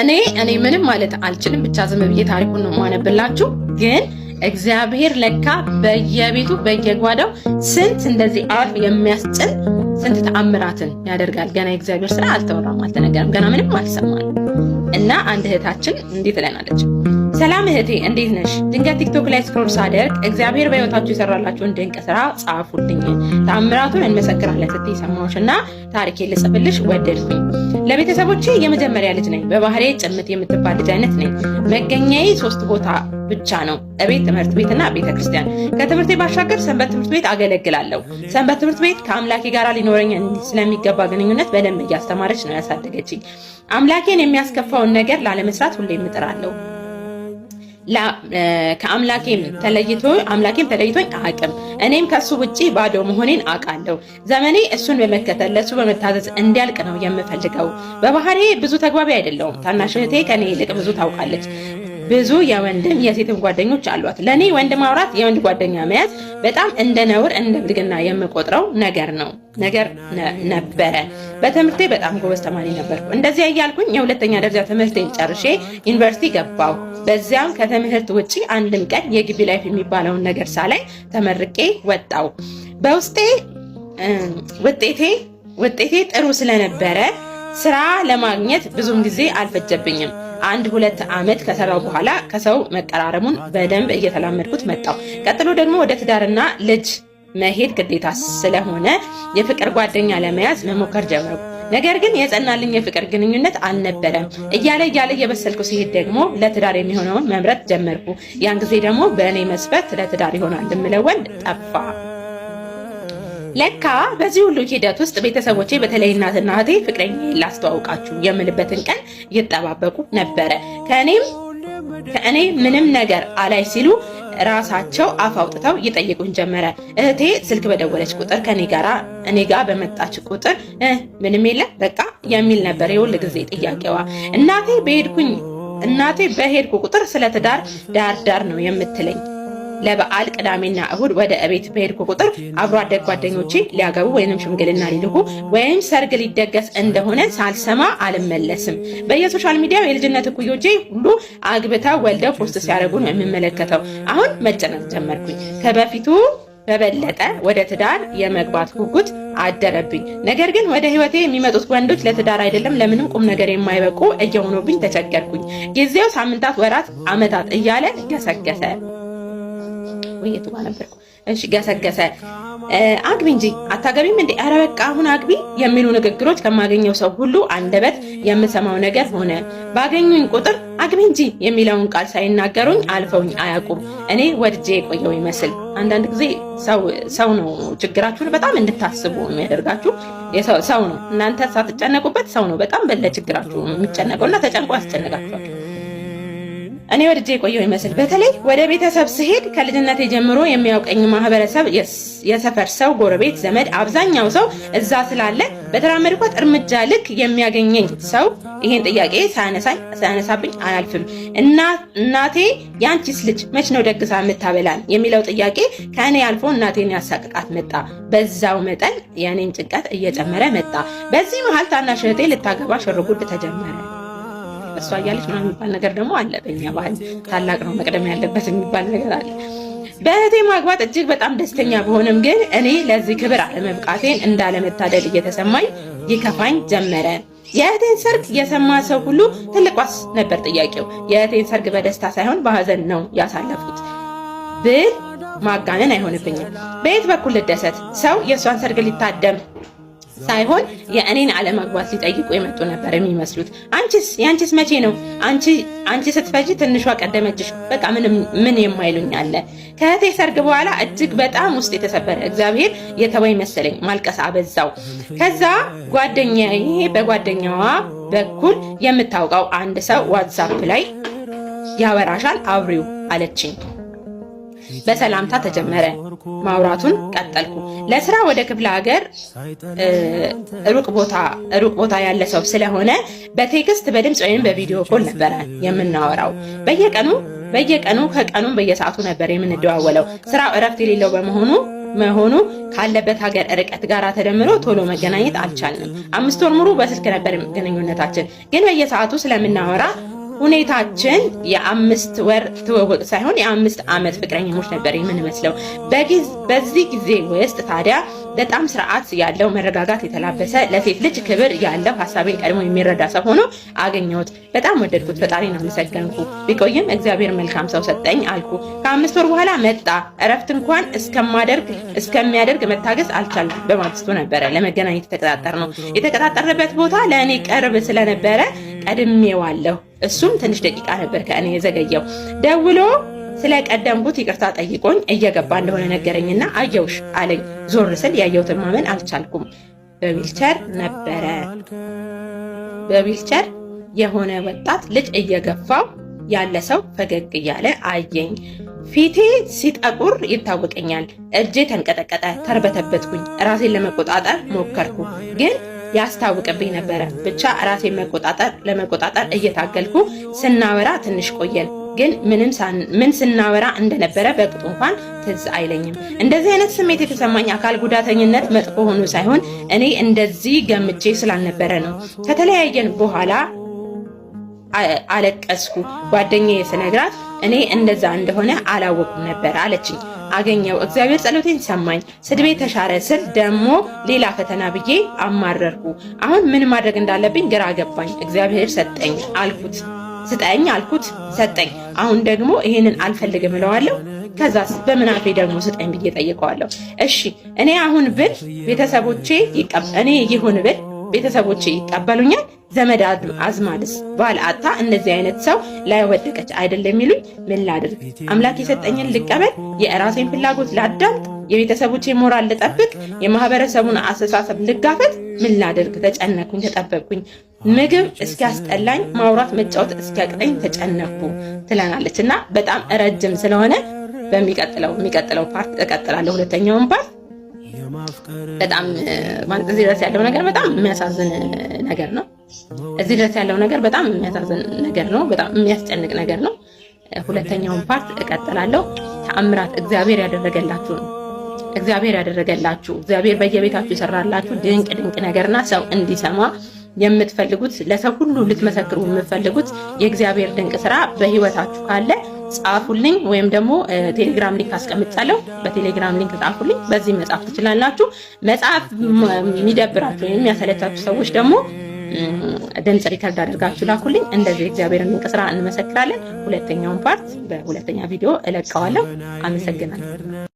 እኔ እኔ ምንም ማለት አልችልም፣ ብቻ ዝም ብዬ ታሪኩን ነው የማነብላችሁ። ግን እግዚአብሔር ለካ በየቤቱ በየጓዳው ስንት እንደዚህ አፍ የሚያስጭን ስንት ተአምራትን ያደርጋል። ገና የእግዚአብሔር ስራ አልተወራም፣ አልተነገረም፣ ገና ምንም አልሰማል እና አንድ እህታችን እንዲህ ትለናለች ሰላም እህቴ እንዴት ነሽ? ድንገት ቲክቶክ ላይ ስክሮል ሳደርግ እግዚአብሔር በሕይወታችሁ የሰራላችሁን ድንቅ ስራ ጻፉልኝ፣ ተአምራቱን እንመሰክራለን ስትይ ሰማሁሽ እና ታሪኬ ልጽፍልሽ ወደድኩኝ። ለቤተሰቦቼ የመጀመሪያ ልጅ ነኝ። በባህሬ ጭምት የምትባል ልጅ አይነት ነኝ። መገኛዬ ሶስት ቦታ ብቻ ነው። እቤት፣ ትምህርት ቤትና ቤተ ክርስቲያን። ከትምህርቴ ባሻገር ሰንበት ትምህርት ቤት አገለግላለሁ። ሰንበት ትምህርት ቤት ከአምላኬ ጋር ሊኖረኝ ስለሚገባ ግንኙነት በደንብ እያስተማረች ነው ያሳደገችኝ። አምላኬን የሚያስከፋውን ነገር ላለመስራት ሁሌ እጥራለሁ። ከአምላኬም ተለይቶ አምላኬም ተለይቶኝ አቅም እኔም ከሱ ውጪ ባዶ መሆኔን አውቃለሁ። ዘመኔ እሱን በመከተል ለሱ በመታዘዝ እንዲያልቅ ነው የምፈልገው። በባህሬ ብዙ ተግባቢ አይደለውም ታናሽ እህቴ ከኔ ይልቅ ብዙ ታውቃለች። ብዙ የወንድም የሴትም ጓደኞች አሏት። ለእኔ ወንድ ማውራት፣ የወንድ ጓደኛ መያዝ በጣም እንደ ነውር እንደ ብልግና የምቆጥረው ነገር ነው ነገር ነበረ። በትምህርቴ በጣም ጎበዝ ተማሪ ነበርኩ። እንደዚያ እያልኩኝ የሁለተኛ ደረጃ ትምህርቴን ጨርሼ ዩኒቨርሲቲ ገባሁ። በዚያም ከትምህርት ውጭ አንድም ቀን የግቢ ላይፍ የሚባለውን ነገር ሳላይ ተመርቄ ወጣሁ። በውስጤ ውጤቴ ውጤቴ ጥሩ ስለነበረ ስራ ለማግኘት ብዙም ጊዜ አልፈጀብኝም። አንድ ሁለት ዓመት ከሰራው በኋላ ከሰው መቀራረሙን በደንብ እየተላመድኩት መጣው። ቀጥሎ ደግሞ ወደ ትዳርና ልጅ መሄድ ግዴታ ስለሆነ የፍቅር ጓደኛ ለመያዝ መሞከር ጀመርኩ። ነገር ግን የጸናልኝ የፍቅር ግንኙነት አልነበረም። እያለ እያለ እየበሰልኩ ሲሄድ ደግሞ ለትዳር የሚሆነውን መምረጥ ጀመርኩ። ያን ጊዜ ደግሞ በእኔ መስፈርት ለትዳር ይሆናል የምለው ወንድ ጠፋ። ለካ በዚህ ሁሉ ሂደት ውስጥ ቤተሰቦቼ በተለይ እናትና እህቴ ፍቅረኛ ላስተዋውቃችሁ የምልበትን ቀን እየተጠባበቁ ነበረ። ከእኔም ከእኔ ምንም ነገር አላይ ሲሉ ራሳቸው አፍ አውጥተው ይጠይቁን ጀመረ። እህቴ ስልክ በደወለች ቁጥር ከኔ ጋራ እኔ ጋር በመጣች ቁጥር ምንም የለ በቃ የሚል ነበር የሁል ጊዜ ጥያቄዋ። እናቴ በሄድኩኝ እናቴ በሄድኩ ቁጥር ስለ ትዳር ዳር ዳር ነው የምትለኝ ለበዓል ቅዳሜና እሁድ ወደ እቤት በሄድኩ ቁጥር አብሮ አደግ ጓደኞቼ ሊያገቡ ወይም ሽምግልና ሊልኩ ወይም ሰርግ ሊደገስ እንደሆነ ሳልሰማ አልመለስም። በየሶሻል ሚዲያው የልጅነት እኩዮቼ ሁሉ አግብተው ወልደው ፖስት ሲያደርጉ ነው የምመለከተው። አሁን መጨነቅ ጀመርኩኝ። ከበፊቱ በበለጠ ወደ ትዳር የመግባት ጉጉት አደረብኝ። ነገር ግን ወደ ህይወቴ የሚመጡት ወንዶች ለትዳር አይደለም ለምንም ቁም ነገር የማይበቁ እየሆኑብኝ ተቸገርኩኝ። ጊዜው ሳምንታት፣ ወራት፣ አመታት እያለ ገሰገሰ። ወይ የቱጋ ነበርኩ? እሺ ገሰገሰ አግቢ እንጂ አታገቢም እንዴ? ኧረ በቃ አሁን አግቢ የሚሉ ንግግሮች ከማገኘው ሰው ሁሉ አንደበት የምሰማው ነገር ሆነ። ባገኙኝ ቁጥር አግቢ እንጂ የሚለውን ቃል ሳይናገሩኝ አልፈውኝ አያውቁም። እኔ ወድጄ የቆየው ይመስል አንዳንድ ጊዜ ሰው ነው ችግራችሁን በጣም እንድታስቡ የሚያደርጋችሁ ሰው ነው። እናንተ ሳትጨነቁበት ሰው ነው በጣም በለ ችግራችሁ የሚጨነቀው እና ተጨንቆ ያስጨነቃችኋል። እኔ ወድጄ የቆየው ይመስል በተለይ ወደ ቤተሰብ ስሄድ ከልጅነቴ ጀምሮ የሚያውቀኝ ማህበረሰብ፣ የሰፈር ሰው፣ ጎረቤት፣ ዘመድ አብዛኛው ሰው እዛ ስላለ በተራመድኳት እርምጃ ልክ የሚያገኘኝ ሰው ይሄን ጥያቄ ሳያነሳኝ ሳያነሳብኝ አያልፍም። እናቴ ያንቺስ ልጅ መች ነው ደግሳ የምታበላል የሚለው ጥያቄ ከእኔ አልፎ እናቴን ያሳቅቃት መጣ። በዛው መጠን የእኔን ጭንቀት እየጨመረ መጣ። በዚህ መሀል ታናሽ እህቴ ልታገባ ሽርጉድ ተጀመረ። እሷ እያለች ምናምን የሚባል ነገር ደግሞ አለ። በኛ ባህል ታላቅ ነው መቅደም ያለበት የሚባል ነገር አለ። በእህቴ ማግባት እጅግ በጣም ደስተኛ ብሆንም ግን እኔ ለዚህ ክብር አለመብቃቴን እንዳለመታደል እየተሰማኝ ይከፋኝ ጀመረ። የእህቴን ሰርግ የሰማ ሰው ሁሉ ትልቋስ ነበር ጥያቄው። የእህቴን ሰርግ በደስታ ሳይሆን በሀዘን ነው ያሳለፉት ብል ማጋነን አይሆንብኝም። በየት በኩል ልደሰት? ሰው የእሷን ሰርግ ሊታደም ሳይሆን የእኔን አለማግባት ሊጠይቁ የመጡ ነበር የሚመስሉት። አንቺስ የአንቺስ መቼ ነው? አንቺ ስትፈጅ ትንሿ ቀደመችሽ። በቃ ምን የማይሉኝ አለ። ከእህቴ ሰርግ በኋላ እጅግ በጣም ውስጥ የተሰበረ እግዚአብሔር የተወኝ መሰለኝ። ማልቀስ አበዛው። ከዛ ጓደኛዬ በጓደኛዋ በኩል የምታውቀው አንድ ሰው ዋትሳፕ ላይ ያወራሻል አብሪው አለችኝ። በሰላምታ ተጀመረ። ማውራቱን ቀጠልኩ። ለስራ ወደ ክፍለ ሀገር ሩቅ ቦታ ሩቅ ቦታ ያለ ሰው ስለሆነ በቴክስት በድምፅ ወይም በቪዲዮ ኮል ነበረ የምናወራው። በየቀኑ በየቀኑ ከቀኑም በየሰዓቱ ነበር የምንደዋወለው። ስራው እረፍት የሌለው በመሆኑ መሆኑ ካለበት ሀገር ርቀት ጋር ተደምሮ ቶሎ መገናኘት አልቻልንም። አምስት ወር ሙሉ በስልክ ነበር ግንኙነታችን። ግን በየሰዓቱ ስለምናወራ ሁኔታችን የአምስት ወር ትውውቅ ሳይሆን የአምስት ዓመት ፍቅረኛሞች ነበር የምንመስለው። በዚህ ጊዜ ውስጥ ታዲያ በጣም ስርዓት ያለው መረጋጋት የተላበሰ ለሴት ልጅ ክብር ያለው ሀሳቤን ቀድሞ የሚረዳ ሰው ሆኖ አገኘሁት። በጣም ወደድኩት። ነው አመሰገንኩ። ቢቆይም እግዚአብሔር መልካም ሰው ሰጠኝ አልኩ። ከአምስት ወር በኋላ መጣ። እረፍት እንኳን እስከማደርግ እስከሚያደርግ መታገስ አልቻል። በማግስቱ ነበረ ለመገናኘት የተቀጣጠር ነው። የተቀጣጠርንበት ቦታ ለእኔ ቅርብ ስለነበረ ቀድሜዋለሁ። እሱም ትንሽ ደቂቃ ነበር ከእኔ የዘገየው። ደውሎ ስለቀደምኩት ይቅርታ ጠይቆኝ እየገባ እንደሆነ ነገረኝና አየውሽ አለኝ። ዞር ስል ያየሁትን ማመን አልቻልኩም። በዊልቸር ነበረ። በዊልቸር የሆነ ወጣት ልጅ እየገፋው ያለ ሰው ፈገግ እያለ አየኝ። ፊቴ ሲጠቁር ይታወቀኛል። እጄ ተንቀጠቀጠ፣ ተርበተበትኩኝ። ራሴን ለመቆጣጠር ሞከርኩ፣ ግን ያስታውቅብኝ ነበረ። ብቻ ራሴን መቆጣጠር ለመቆጣጠር እየታገልኩ ስናወራ ትንሽ ቆየን። ግን ምን ስናወራ እንደነበረ በቅጡ እንኳን ትዝ አይለኝም። እንደዚህ አይነት ስሜት የተሰማኝ አካል ጉዳተኝነት መጥፎ ሆኖ ሳይሆን እኔ እንደዚህ ገምቼ ስላልነበረ ነው። ከተለያየን በኋላ አለቀስኩ። ጓደኛዬ ስነግራት እኔ እንደዛ እንደሆነ አላወቁም ነበር አለችኝ። አገኘው እግዚአብሔር ጸሎቴን ሰማኝ። ስድቤ ተሻረ ስል ደግሞ ሌላ ፈተና ብዬ አማረርኩ። አሁን ምን ማድረግ እንዳለብኝ ግራ ገባኝ። እግዚአብሔር ሰጠኝ አልኩት። ስጠኝ አልኩት፣ ሰጠኝ። አሁን ደግሞ ይሄንን አልፈልግም እለዋለሁ። ከዛስ በምናፌ ደግሞ ስጠኝ ብዬ ጠይቀዋለሁ። እሺ እኔ አሁን ብል ቤተሰቦቼ እኔ ይሁን ብል ቤተሰቦቼ ይቀበሉኛል? ዘመድ አዝማድስ ባል አጣ እነዚህ አይነት ሰው ላይ ወደቀች አይደለም የሚሉኝ ምን ላድርግ? አምላክ የሰጠኝን ልቀበል? የራሴን ፍላጎት ላዳምጥ የቤተሰቦቼ ሞራል ልጠብቅ፣ የማህበረሰቡን አስተሳሰብ ልጋፈጥ፣ ምን ላደርግ ተጨነኩኝ፣ ተጠበቅኩኝ። ምግብ እስኪያስጠላኝ፣ ማውራት መጫወት እስኪያቅጠኝ ተጨነኩ ትለናለች እና በጣም ረጅም ስለሆነ በሚቀጥለው የሚቀጥለው ፓርት እቀጥላለሁ። ሁለተኛውን ፓርት በጣም ማለት እዚህ ድረስ ያለው ነገር በጣም የሚያሳዝን ነገር ነው። እዚህ ድረስ ያለው ነገር በጣም የሚያሳዝን ነገር ነው። በጣም የሚያስጨንቅ ነገር ነው። ሁለተኛውን ፓርት እቀጥላለሁ። ተአምራት እግዚአብሔር ያደረገላችሁ ነው። እግዚአብሔር ያደረገላችሁ እግዚአብሔር በየቤታችሁ የሰራላችሁ ድንቅ ድንቅ ነገርና ሰው እንዲሰማ የምትፈልጉት ለሰው ሁሉ ልትመሰክሩ የምትፈልጉት የእግዚአብሔር ድንቅ ስራ በህይወታችሁ ካለ ጻፉልኝ፣ ወይም ደግሞ ቴሌግራም ሊንክ አስቀምጫለሁ። በቴሌግራም ሊንክ ጻፉልኝ። በዚህ መጻፍ ትችላላችሁ። መጽሐፍ የሚደብራችሁ ወይም የሚያሰለቻችሁ ሰዎች ደግሞ ድምፅ ሪከርድ አድርጋችሁ ላኩልኝ። እንደዚህ እግዚአብሔርን ድንቅ ስራ እንመሰክራለን። ሁለተኛውን ፓርት በሁለተኛ ቪዲዮ እለቀዋለሁ። አመሰግናለሁ።